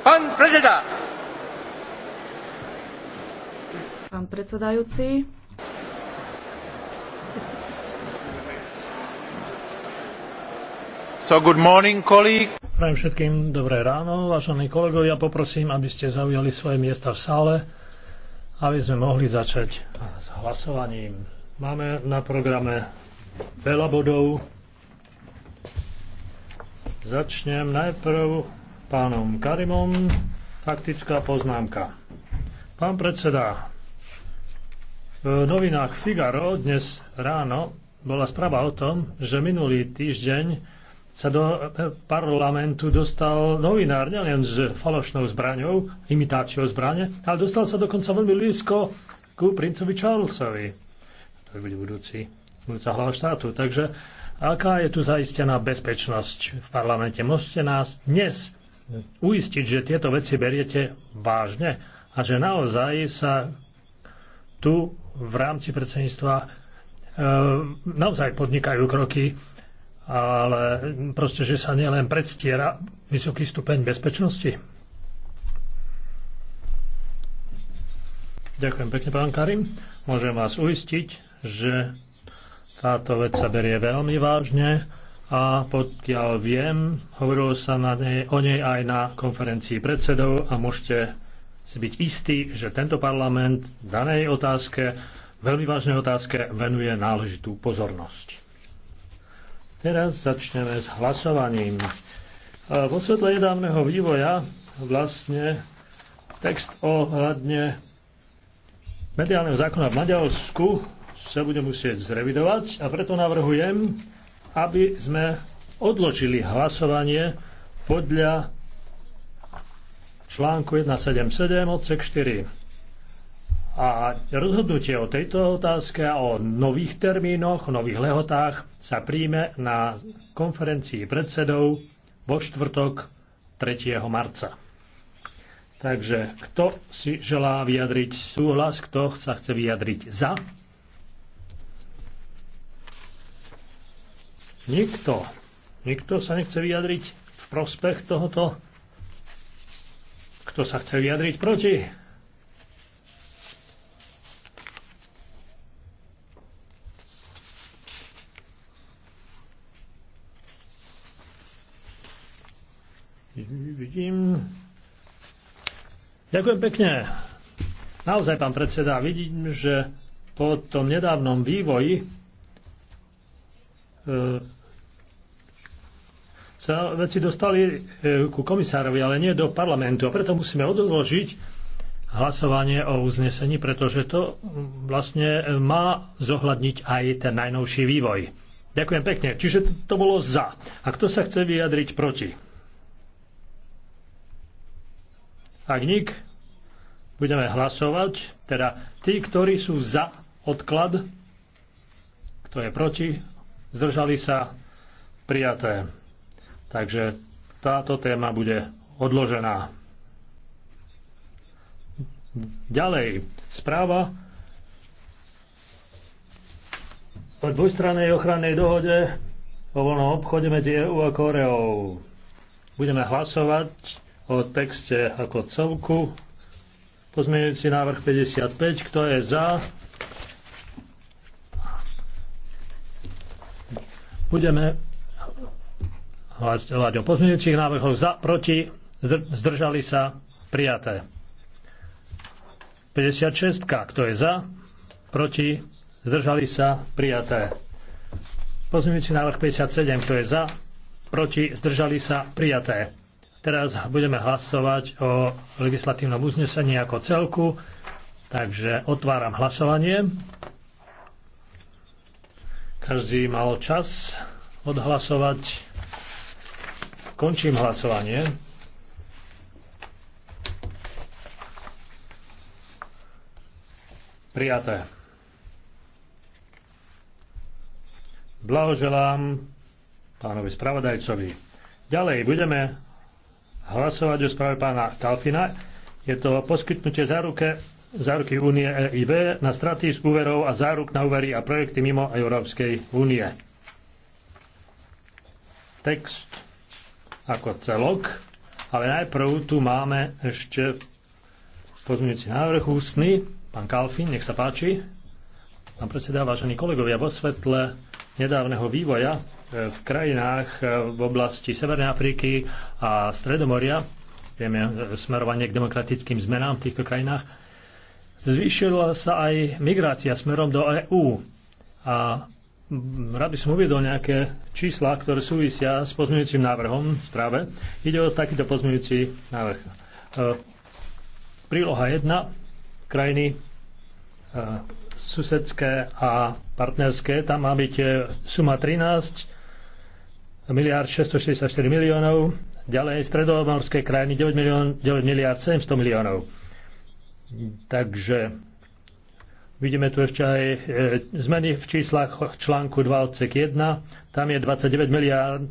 Pán predseda. Pán predsedajúci. So good morning, colleague. Prajem všetkým dobré ráno, vážení kolegovia. Poprosím, aby ste zaujali svoje miesta v sále, aby sme mohli začať s hlasovaním. Máme na programe veľa bodov. Začnem najprv pánom Karimom. Faktická poznámka. Pán predseda, v novinách Figaro dnes ráno bola správa o tom, že minulý týždeň sa do parlamentu dostal novinár nielen s falošnou zbraňou, imitáciou zbrane, ale dostal sa dokonca veľmi blízko ku princovi Charlesovi. To je budúci, budúca hlava štátu. Takže aká je tu zaistená bezpečnosť v parlamente? Môžete nás dnes uistiť, že tieto veci beriete vážne a že naozaj sa tu v rámci predsedníctva e, naozaj podnikajú kroky, ale proste, že sa nielen predstiera vysoký stupeň bezpečnosti. Ďakujem pekne, pán Karim. Môžem vás uistiť, že táto vec sa berie veľmi vážne a pokiaľ viem, hovorilo sa na nej, o nej aj na konferencii predsedov a môžete si byť istí, že tento parlament danej otázke, veľmi vážnej otázke, venuje náležitú pozornosť. Teraz začneme s hlasovaním. Vo svetle nedávneho vývoja vlastne text ohľadne mediálneho zákona v Maďarsku sa bude musieť zrevidovať a preto navrhujem, aby sme odložili hlasovanie podľa článku 177 odsek 4. A rozhodnutie o tejto otázke a o nových termínoch, nových lehotách sa príjme na konferencii predsedov vo štvrtok 3. marca. Takže kto si želá vyjadriť súhlas, kto sa chce vyjadriť za, Nikto, nikto sa nechce vyjadriť v prospech tohoto. Kto sa chce vyjadriť proti? Vidím. Ďakujem pekne. Naozaj, pán predseda, vidím, že po tom nedávnom vývoji E, sa veci dostali e, ku komisárovi, ale nie do parlamentu. A preto musíme odložiť hlasovanie o uznesení, pretože to vlastne e, má zohľadniť aj ten najnovší vývoj. Ďakujem pekne. Čiže to bolo za. A kto sa chce vyjadriť proti? Ak nik, budeme hlasovať. Teda tí, ktorí sú za odklad, kto je proti, zdržali sa, prijaté. Takže táto téma bude odložená. Ďalej, správa o dvojstrannej ochrannej dohode o voľnom obchode medzi EU a Koreou. Budeme hlasovať o texte ako celku. Pozmeňujúci návrh 55. Kto je za? Budeme hlasovať o pozmeňujúcich návrhoch za, proti, zdržali sa, prijaté. 56. Kto je za? Proti? Zdržali sa? Prijaté. Pozmeňujúci návrh 57. Kto je za? Proti? Zdržali sa? Prijaté. Teraz budeme hlasovať o legislatívnom uznesení ako celku. Takže otváram hlasovanie. Každý mal čas odhlasovať. Končím hlasovanie. Prijaté. Blahoželám pánovi spravodajcovi. Ďalej budeme hlasovať o správe pána Kalfina. Je to poskytnutie záruke, záruky únie EIB na straty z úverov a záruk na úvery a projekty mimo Európskej únie text ako celok, ale najprv tu máme ešte pozmeňujúci návrh ústny. Pán Kalfin, nech sa páči. Pán predseda, vážení kolegovia, vo svetle nedávneho vývoja e, v krajinách e, v oblasti Severnej Afriky a Stredomoria, vieme e, smerovanie k demokratickým zmenám v týchto krajinách, zvýšila sa aj migrácia smerom do EÚ. A rád by som uviedol nejaké čísla, ktoré súvisia s pozmeňujúcim návrhom v správe. Ide o takýto pozmeňujúci návrh. E, príloha 1. Krajiny e, susedské a partnerské. Tam má byť e, suma 13 miliard 664 miliónov. Ďalej stredovomorské krajiny 9 miliard 700 miliónov. Takže Vidíme tu ešte aj e, zmeny v číslach článku 2 odsek 1. Tam je 29 miliard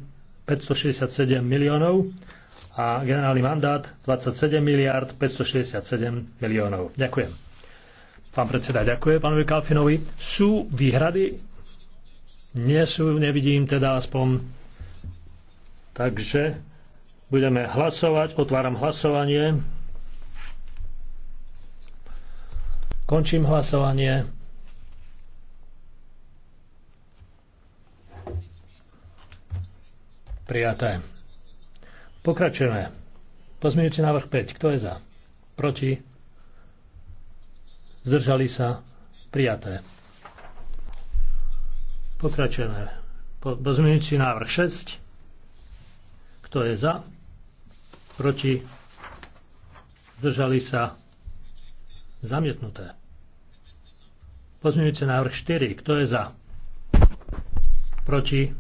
567 miliónov a generálny mandát 27 miliard 567 miliónov. Ďakujem. Pán predseda, ďakujem pánovi Kalfinovi. Sú výhrady? Nie sú, nevidím teda aspoň. Takže budeme hlasovať. Otváram hlasovanie. Končím hlasovanie. Prijaté. Pokračujeme. Pozmeňujúci návrh 5. Kto je za? Proti? Zdržali sa? Prijaté. Pokračujeme. Pozmeňujúci návrh 6. Kto je za? Proti? Zdržali sa? Zamietnuté. Pozmeňujúce návrh 4. Kto je za? Proti?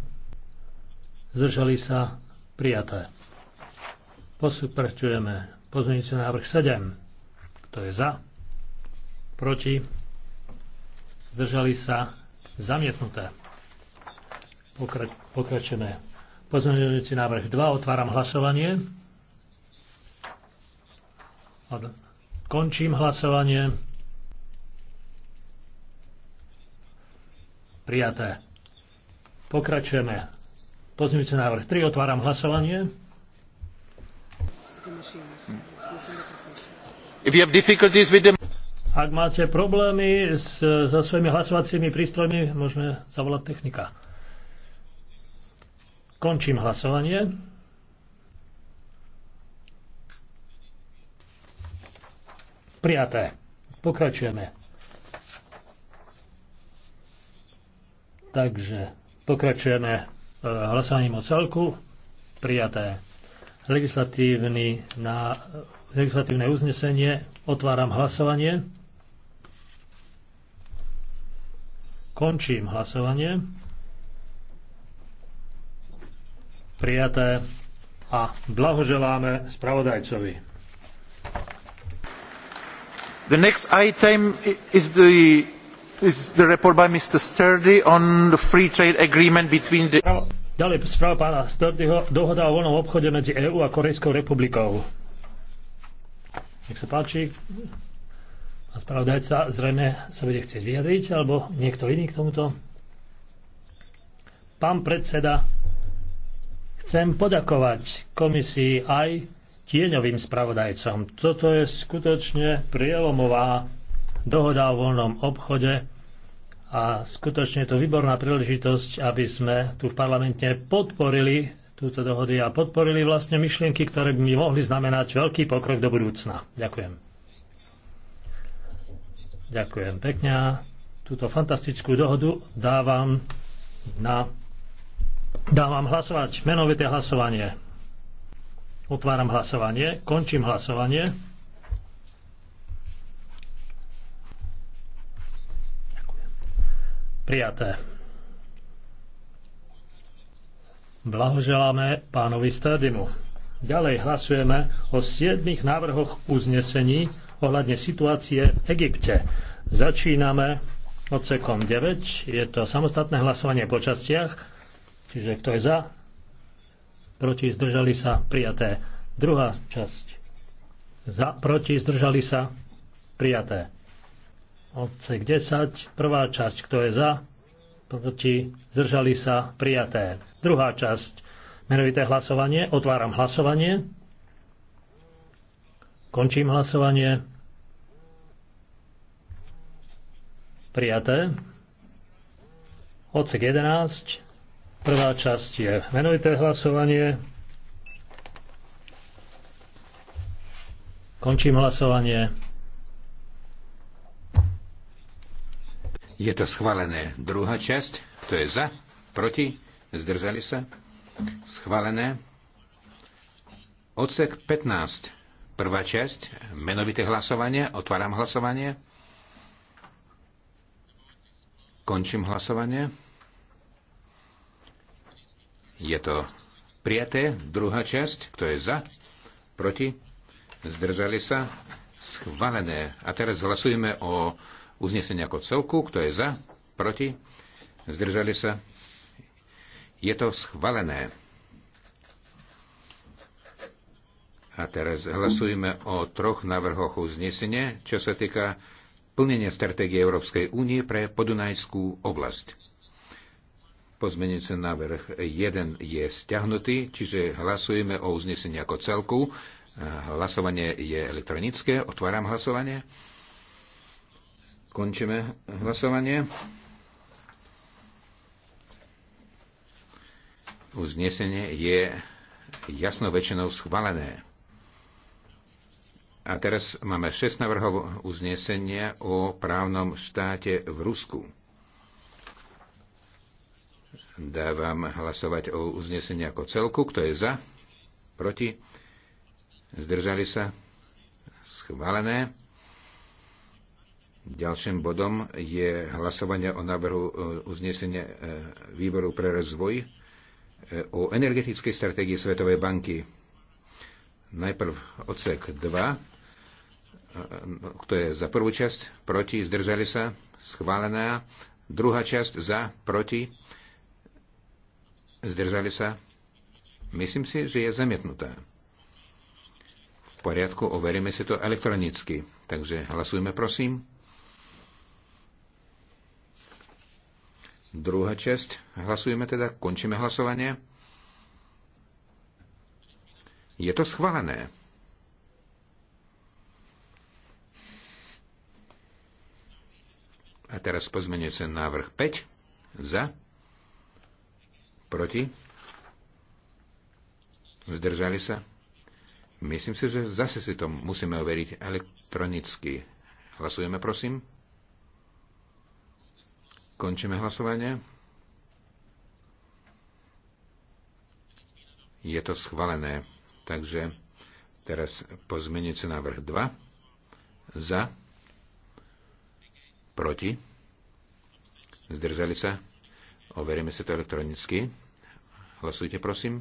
Zdržali sa? Prijaté. Pokračujeme. Pozmeňujúce návrh 7. Kto je za? Proti? Zdržali sa? Zamietnuté. Pokra- pokračujeme. Pozmeňujúci návrh 2. Otváram hlasovanie. Končím hlasovanie. Prijaté. Pokračujeme. Pozmite návrh 3. Otváram hlasovanie. If you have difficulties with Ak máte problémy s, so svojimi hlasovacími prístrojmi, môžeme zavolať technika. Končím hlasovanie. Prijaté. Pokračujeme. Takže pokračujeme e, hlasovaním o celku. Prijaté legislatívny na, legislatívne uznesenie. Otváram hlasovanie. Končím hlasovanie. Prijaté a blahoželáme spravodajcovi. The next item is the Ďalej správa pána Sturdyho, dohoda o voľnom obchode medzi EÚ a Korejskou republikou. Nech sa páči. A spravodajca zrejme sa bude chcieť vyjadriť, alebo niekto iný k tomuto. Pán predseda, chcem poďakovať komisii aj tieňovým spravodajcom. Toto je skutočne prielomová dohoda o voľnom obchode a skutočne je to výborná príležitosť, aby sme tu v parlamente podporili túto dohody a podporili vlastne myšlienky, ktoré by mohli znamenať veľký pokrok do budúcna. Ďakujem. Ďakujem pekne. túto fantastickú dohodu dávam na dávam hlasovať, menovité hlasovanie. Otváram hlasovanie, končím hlasovanie. Prijaté. Blahoželáme pánovi Stadimu. Ďalej hlasujeme o siedmých návrhoch uznesení ohľadne situácie v Egypte. Začíname odsekom 9. Je to samostatné hlasovanie po častiach. Čiže kto je za? Proti zdržali sa prijaté. Druhá časť. Za, proti zdržali sa prijaté odsek 10, prvá časť, kto je za, proti, zdržali sa, prijaté. Druhá časť, menovité hlasovanie, otváram hlasovanie, končím hlasovanie, prijaté. Odsek 11, prvá časť je menovité hlasovanie, končím hlasovanie, Je to schválené. Druhá časť. Kto je za? Proti? Zdržali sa? Schválené. Odsek 15. Prvá časť. Menovité hlasovanie. Otváram hlasovanie. Končím hlasovanie. Je to prijaté. Druhá časť. Kto je za? Proti? Zdržali sa? Schválené. A teraz hlasujeme o uznesenie ako celku. Kto je za? Proti? Zdržali sa? Je to schválené. A teraz hlasujeme o troch návrhoch uznesenia, čo sa týka plnenia stratégie Európskej únie pre Podunajskú oblasť. Pozmenujúci návrh 1 je stiahnutý, čiže hlasujeme o uznesení ako celku. Hlasovanie je elektronické. Otváram hlasovanie. Končíme hlasovanie. Uznesenie je jasnou väčšinou schválené. A teraz máme 6 navrhov uznesenia o právnom štáte v Rusku. Dávam hlasovať o uznesení ako celku. Kto je za? Proti? Zdržali sa? Schválené. Ďalším bodom je hlasovanie o návrhu e, uznesenia e, Výboru pre rozvoj e, o energetickej stratégii Svetovej banky. Najprv odsek 2, kto je za prvú časť, proti, zdržali sa, schválená. Druhá časť za, proti, zdržali sa. Myslím si, že je zamietnutá. V poriadku, overíme si to elektronicky. Takže hlasujme, prosím. Druhá časť. Hlasujeme teda. Končíme hlasovanie. Je to schválené. A teraz pozmenujúce návrh 5. Za. Proti. Zdržali sa. Myslím si, že zase si to musíme overiť elektronicky. Hlasujeme, prosím. Končíme hlasovanie. Je to schválené. Takže teraz pozmenujúci návrh 2. Za. Proti. Zdržali sa. Overíme si to elektronicky. Hlasujte, prosím.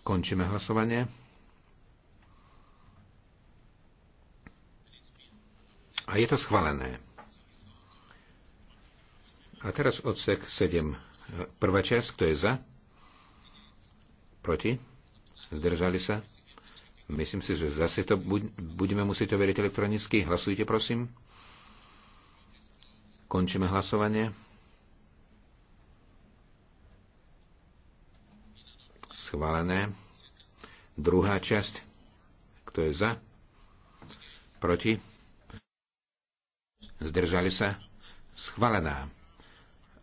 Končíme hlasovanie. A je to schválené. A teraz odsek 7. Prvá časť, kto je za? Proti? Zdržali sa? Myslím si, že zase to budeme musieť overiť elektronicky. Hlasujte, prosím. Končíme hlasovanie. Schválené. Druhá časť. Kto je za? Proti? Zdržali sa? Schválená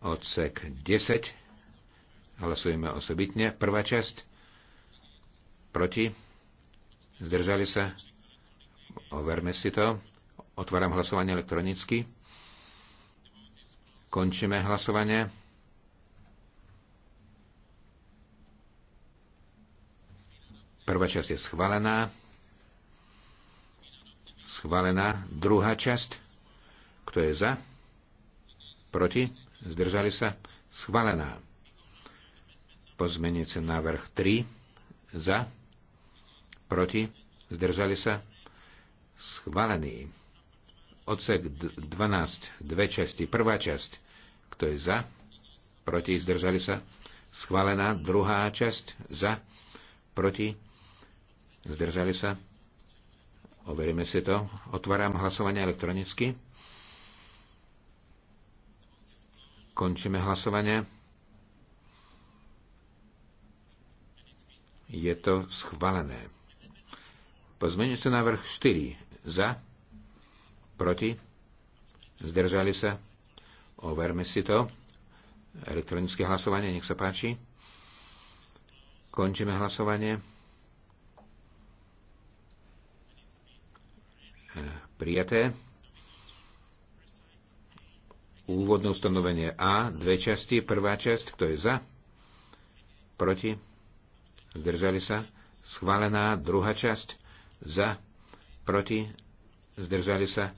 odsek 10. Hlasujeme osobitne. Prvá časť. Proti. Zdržali sa. Overme si to. Otváram hlasovanie elektronicky. Končíme hlasovanie. Prvá časť je schválená. Schválená druhá časť. Kto je za? Proti? Zdržali sa? Schválená. sa návrh 3. Za. Proti. Zdržali sa? Schválený. Odsek 12. Dve časti. Prvá časť. Kto je za? Proti. Zdržali sa? Schválená. Druhá časť. Za. Proti. Zdržali sa? Overíme si to. Otváram hlasovanie elektronicky. Končíme hlasovanie. Je to schválené. sa návrh 4. Za? Proti? Zdržali sa? Overme si to. Elektronické hlasovanie, nech sa páči. Končíme hlasovanie. E, prijaté úvodné ustanovenie A, dve časti, prvá časť, kto je za, proti, zdržali sa, schválená druhá časť, za, proti, zdržali sa,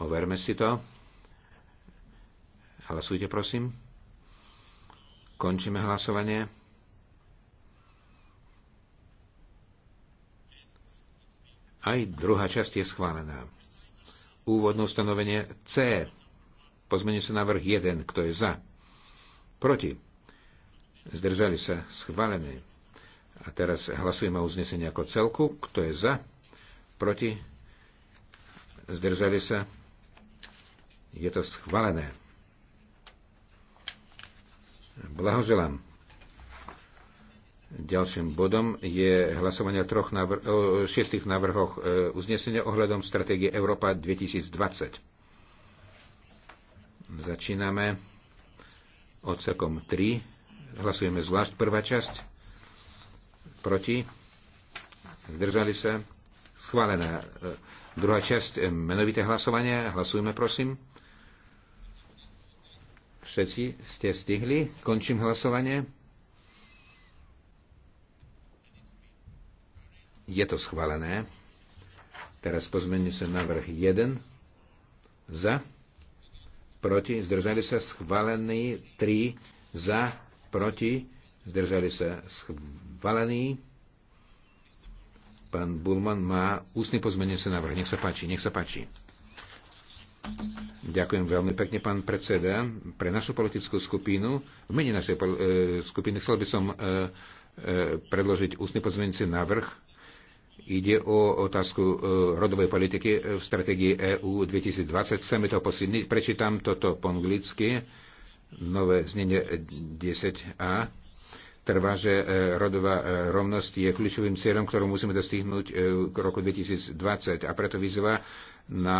overme si to, hlasujte prosím, končíme hlasovanie. Aj druhá časť je schválená. Úvodné ustanovenie C. Pozmenil sa návrh 1. Kto je za? Proti. Zdržali sa. Schválené. A teraz hlasujeme o uznesení ako celku. Kto je za? Proti? Zdržali sa? Je to schválené. Blahoželám. Ďalším bodom je hlasovanie o, troch návr- o šiestich návrhoch e, uznesenia ohľadom stratégie Európa 2020. Začíname odsekom 3. Hlasujeme zvlášť prvá časť. Proti. Zdržali sa. Schválená. Druhá časť, eh, menovité hlasovanie. Hlasujeme prosím. Všetci ste stihli. Končím hlasovanie. Je to schválené. Teraz pozmenie sa návrh 1. Za proti, zdržali sa schválení 3 za, proti, zdržali sa schválení. Pán Bulman má ústny sa návrh. Nech sa páči, nech sa páči. Ďakujem veľmi pekne, pán predseda. Pre našu politickú skupinu, v mene našej e, skupiny, chcel by som e, e, predložiť ústny pozmenujúci návrh Ide o otázku e, rodovej politiky e, v stratégii EU 2020. Chceme to posilniť. Prečítam toto po anglicky. Nové znenie 10a trvá, že e, rodová rovnosť je kľúčovým cieľom, ktorú musíme dostihnúť k roku 2020 a preto vyzýva na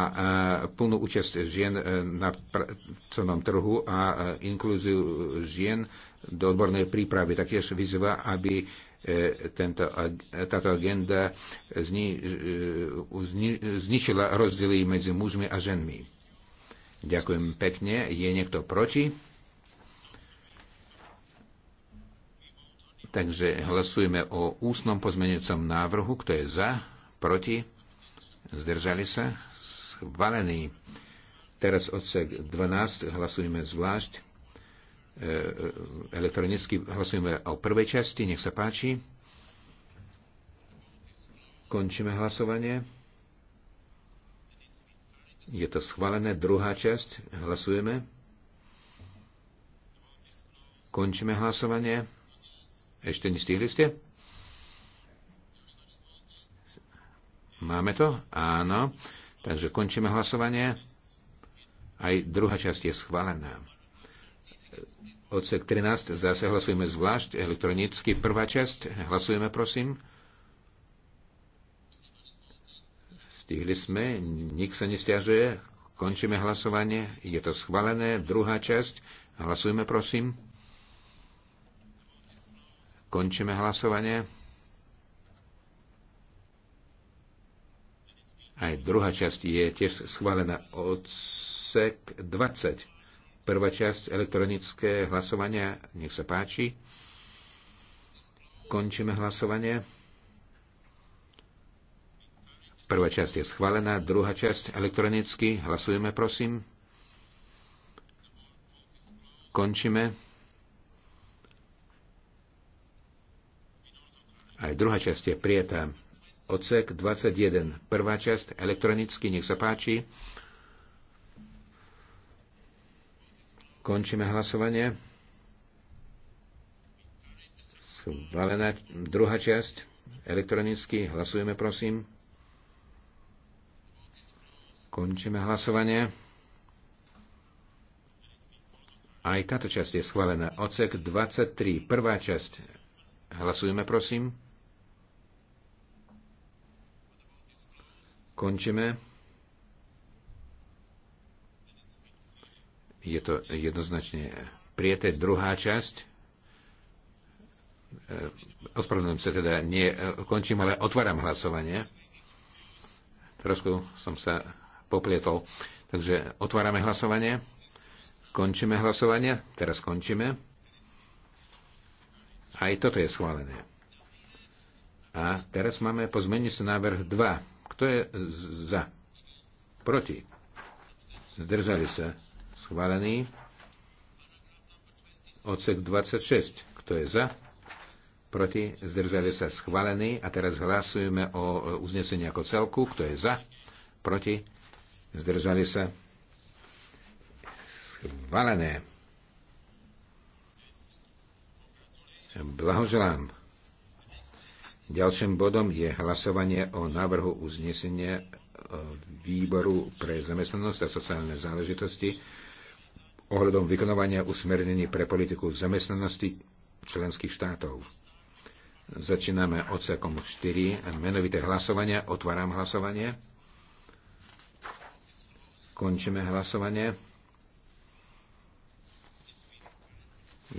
plnú účasť žien na pracovnom trhu a inklúziu žien do odbornej prípravy. Taktiež vyzýva, aby E, tento, táto agenda zni, e, zni, zničila rozdiely medzi mužmi a ženmi. Ďakujem pekne. Je niekto proti? Takže hlasujeme o ústnom pozmenujúcom návrhu. Kto je za? Proti? Zdržali sa? Schválený. Teraz odsek 12. Hlasujeme zvlášť. E, e, elektronicky hlasujeme o prvej časti. Nech sa páči. Končíme hlasovanie. Je to schválené. Druhá časť. Hlasujeme. Končíme hlasovanie. Ešte nestihli ste? Máme to? Áno. Takže končíme hlasovanie. Aj druhá časť je schválená. Odsek 13. Zase hlasujeme zvlášť elektronicky. Prvá časť. Hlasujeme, prosím. Stihli sme. Nik sa nestiažuje. Končíme hlasovanie. Je to schválené. Druhá časť. Hlasujeme, prosím. Končíme hlasovanie. Aj druhá časť je tiež schválená odsek 20. Prvá časť elektronické hlasovania. Nech sa páči. Končíme hlasovanie. Prvá časť je schválená, druhá časť elektronicky. Hlasujeme, prosím. Končíme. Aj druhá časť je prijatá. Ocek 21. Prvá časť elektronicky, nech sa páči. Končíme hlasovanie. Schválená druhá časť. Elektronicky hlasujeme, prosím. Končíme hlasovanie. Aj táto časť je schválená. Ocek 23, prvá časť. Hlasujeme, prosím. Končíme. Je to jednoznačne prijaté. Druhá časť. E, ospravedlňujem sa teda, nie končím, ale otváram hlasovanie. Trošku som sa poplietol. Takže otvárame hlasovanie. Končíme hlasovanie. Teraz končíme. Aj toto je schválené. A teraz máme pozmeniť sa návrh 2. Kto je za? Proti? Zdržali sa? Schválený. Odsek 26. Kto je za? Proti? Zdržali sa? Schválený. A teraz hlasujeme o uznesení ako celku. Kto je za? Proti? Zdržali sa? Schválené. Blahoželám. Ďalším bodom je hlasovanie o návrhu uznesenia e, výboru pre zamestnanosť a sociálne záležitosti ohľadom vykonovania usmernení pre politiku zamestnanosti členských štátov. Začíname odsekom 4, menovité hlasovanie, otváram hlasovanie. Končíme hlasovanie.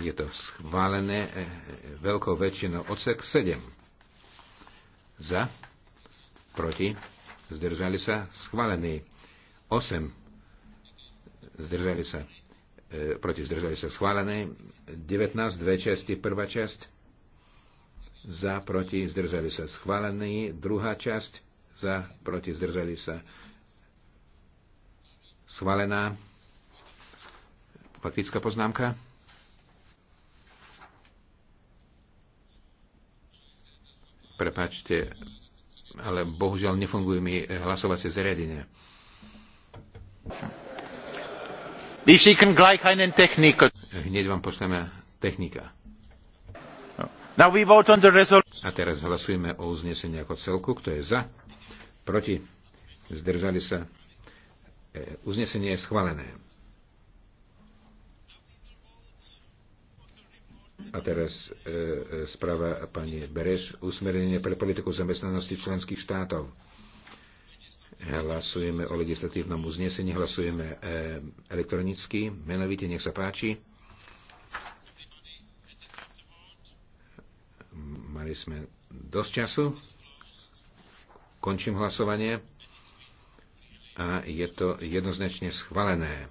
Je to schválené e, e, veľkou väčšinou odsek 7. Za, proti, zdržali sa, schválený. 8. Zdržali sa, E, proti zdržali sa schválené. 19, dve časti, prvá časť, za, proti, zdržali sa schválený. Druhá časť, za, proti, zdržali sa schválená. Faktická poznámka. Prepačte, ale bohužiaľ nefungujú mi hlasovacie zariadenie. you. Wir schicken gleich einen Techniker. Hneď vám pošleme technika. Now we vote on the A teraz hlasujeme o uznesení ako celku. Kto je za? Proti? Zdržali sa? E, uznesenie je schválené. A teraz e, e správa pani Bereš, Usmerenie pre politiku zamestnanosti členských štátov. Hlasujeme o legislatívnom uznesení, hlasujeme eh, elektronicky. Menovite, nech sa páči. Mali sme dosť času. Končím hlasovanie. A je to jednoznačne schválené.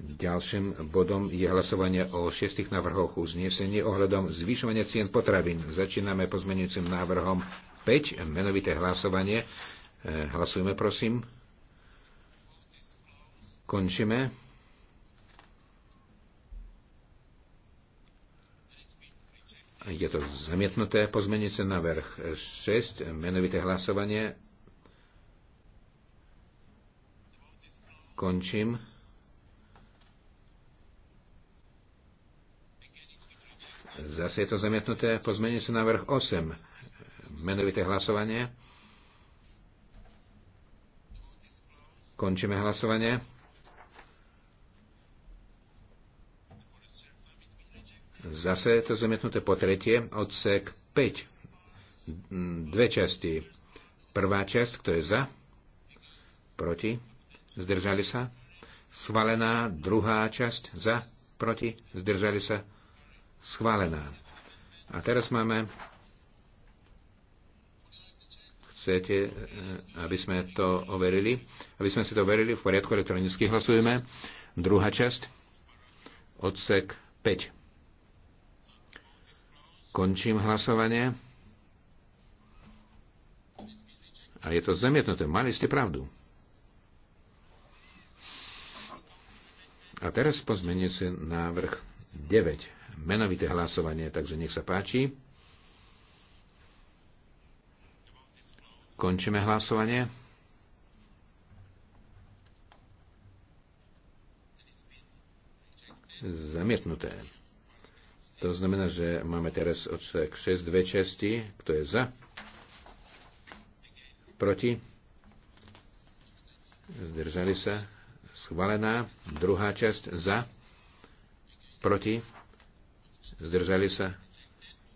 Ďalším bodom je hlasovanie o šiestich návrhoch uznesení ohľadom zvyšovania cien potravín. Začíname pozmenujúcim návrhom 5, menovité hlasovanie. E, hlasujme, prosím. Končíme. Je to zamietnuté pozmenice na vrch 6, menovité hlasovanie. Končím. Zase je to zamietnuté. Pozmenie sa návrh 8 menovité hlasovanie. Končíme hlasovanie. Zase je to zamietnuté po tretie, odsek 5. Dve časti. Prvá časť, kto je za? Proti? Zdržali sa? Schválená druhá časť, za? Proti? Zdržali sa? Schválená. A teraz máme chcete, e, aby sme to overili. Aby sme si to overili, v poriadku elektronicky hlasujeme. Druhá časť, odsek 5. Končím hlasovanie. A je to zamietnuté. Mali ste pravdu. A teraz si návrh 9. Menovité hlasovanie, takže nech sa páči. Končíme hlasovanie. Zamietnuté. To znamená, že máme teraz odsek 6, 2 časti. Kto je za? Proti? Zdržali sa? Schválená. Druhá časť za? Proti? Zdržali sa?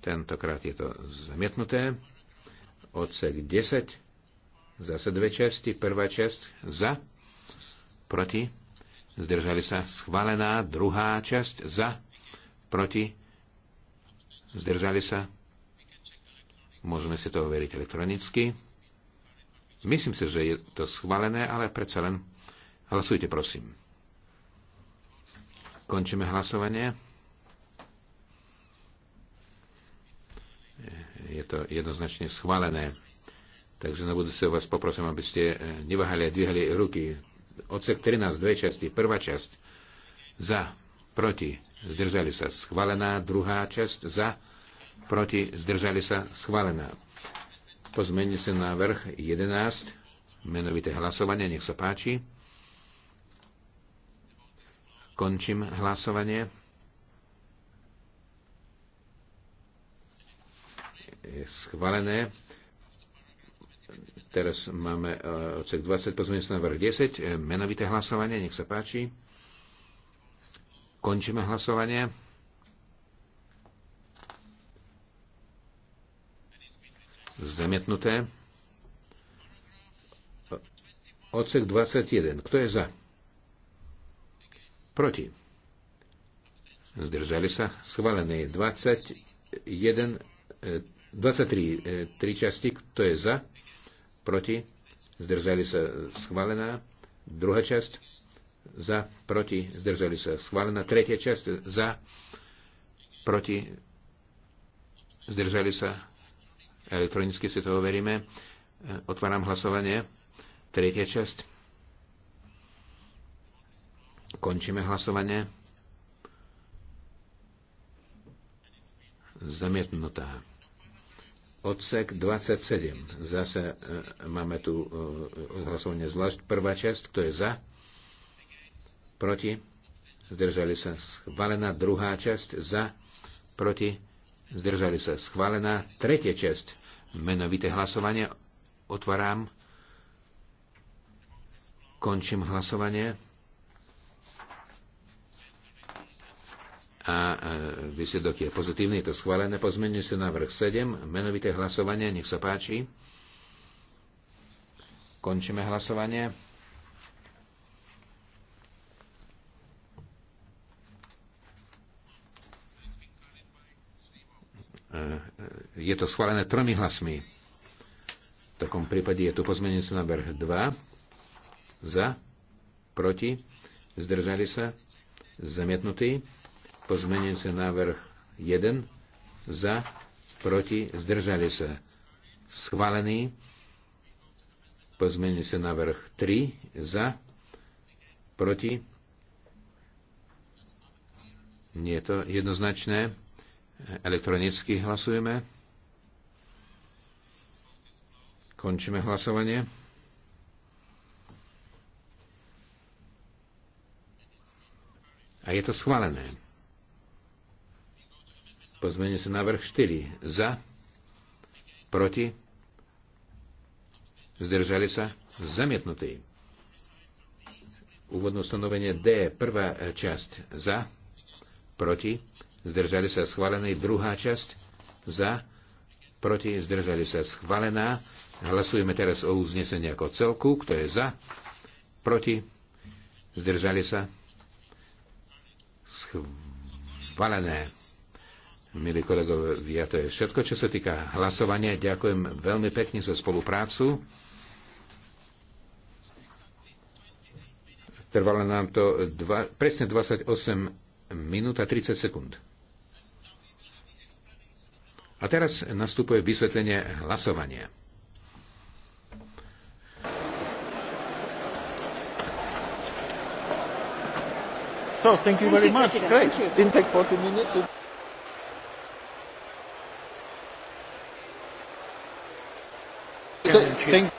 Tentokrát je to zamietnuté odsek 10, zase dve časti, prvá časť za, proti, zdržali sa schválená, druhá časť za, proti, zdržali sa, môžeme si to overiť elektronicky. Myslím si, že je to schválené, ale predsa len hlasujte, prosím. Končíme hlasovanie. je to jednoznačne schválené. Takže na budúce vás poprosím, aby ste e, neváhali a dvihali ruky. Odsek 13, dve časti. Prvá časť za, proti, zdržali sa schválená. Druhá časť za, proti, zdržali sa schválená. Pozmeňte sa vrch 11, menovité hlasovanie, nech sa páči. Končím hlasovanie. schválené. Teraz máme e, odsek 20, na vrch 10, menovité hlasovanie, nech sa páči. Končíme hlasovanie. Zamietnuté. Odsek 21. Kto je za? Proti. Zdržali sa. Schválený 21 23, e, tri časti, kto je za, proti, zdržali sa schválená, druhá časť, za, proti, zdržali sa schválená, tretia časť, za, proti, zdržali sa, elektronicky si to overíme, e, otváram hlasovanie, tretia časť, končíme hlasovanie, zamietnutá. Odsek 27. Zase e, máme tu e, hlasovanie zvlášť. Prvá časť, kto je za? Proti? Zdržali sa schválená. Druhá časť za? Proti? Zdržali sa schválená. Tretia časť. Menovité hlasovanie. Otváram. Končím hlasovanie. a e, výsledok je pozitívny, je to schválené. Pozmeňuje sa návrh 7, menovité hlasovanie, nech sa páči. Končíme hlasovanie. E, e, je to schválené tromi hlasmi. V takom prípade je tu na návrh 2. Za, proti, zdržali sa, zamietnutý. Pozmenujúci návrh 1 za, proti, zdržali sa. Schválený. Pozmenujúci návrh 3 za, proti. Nie je to jednoznačné. Elektronicky hlasujeme. Končíme hlasovanie. A je to schválené na návrh 4. Za. Proti. Zdržali sa. Zamietnutý. Úvodné ustanovenie D. Prvá e, časť. Za. Proti. Zdržali sa. Schválený. Druhá časť. Za. Proti. Zdržali sa. Schválená. Hlasujeme teraz o uznesení ako celku. Kto je za? Proti. Zdržali sa. Schválené. Milí kolegovia, ja to je všetko, čo sa týka hlasovania. Ďakujem veľmi pekne za spoluprácu. Trvalo nám to dva, presne 28 minút a 30 sekúnd. A teraz nastupuje vysvetlenie hlasovania. So, thank you very much. Great. Didn't take 40 minutes. Thank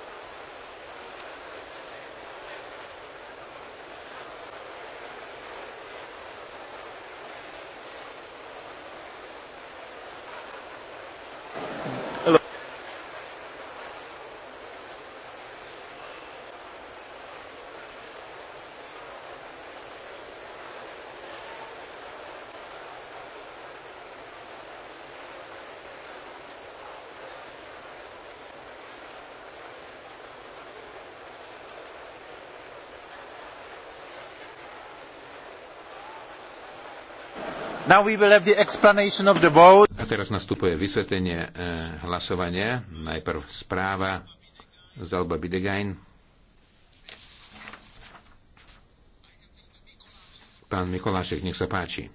A teraz nastupuje vysvetlenie eh, hlasovania. Najprv správa Zalba Bidegain. Pán Mikolášek, nech sa páči.